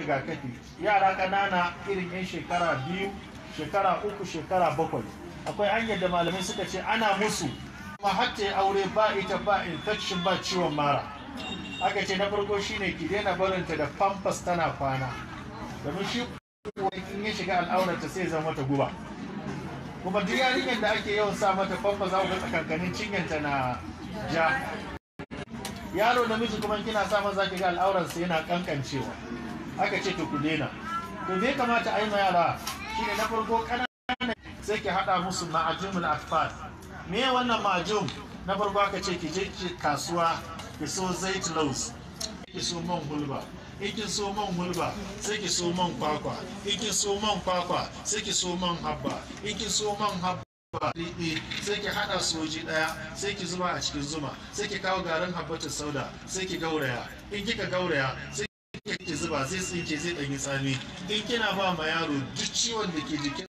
rigakafi yara kanana irin yan shekara biyu shekara uku shekara bakwai akwai hanyar da malamai suka ce ana musu kuma hatta ya aure ba ita ba infection ba ciwon mara aka ce na farko shine ki daina barinta da pampas tana kwana domin shi in ya shiga al'aurarta sai zama mata guba kuma duk yarinyar da ake yawan sa mata pampas za ku ga tsakankanin cinyanta na ja yaro namiji kuma kina sa maza ki ga al'aurarsa yana kankancewa aka ce to ku daina to me kamata a yi ma yara shine na farko ƙananan sai ki haɗa musu ma'ajumul afad me wannan ma'ajum na farko aka ce ki je ki kasuwa ki so zait lows ki so man gulba ikin so man hulba sai ki so man kwakwa ikin so man kwakwa sai ki so man habba ikin so man habba sai ki hada soji daya sai ki zuba a cikin zuma sai ki kawo garin habbatin sauda sai ki gauraya in kika gauraya da kike zuba sai tsinke zai yi tsami in kina ba ma yaro duk ciwon da ke jikin